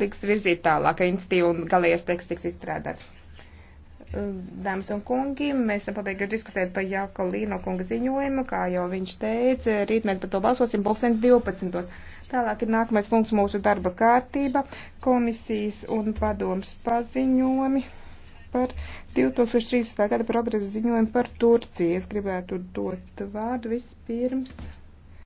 tiks virzīt tālāk institīva un galējais teksts tiks izstrādāts. Dāmas un kungi, mēs esam pabeiguši diskusēt par Jāko Līno kunga ziņojumu, kā jau viņš teica, rīt mēs par to balsosim pulkstens 12. Tālāk ir nākamais punkts mūsu darba kārtība, komisijas un padoms paziņojumi par 2013. gada progresa ziņojumu par Turciju. Es gribētu dot vārdu vispirms.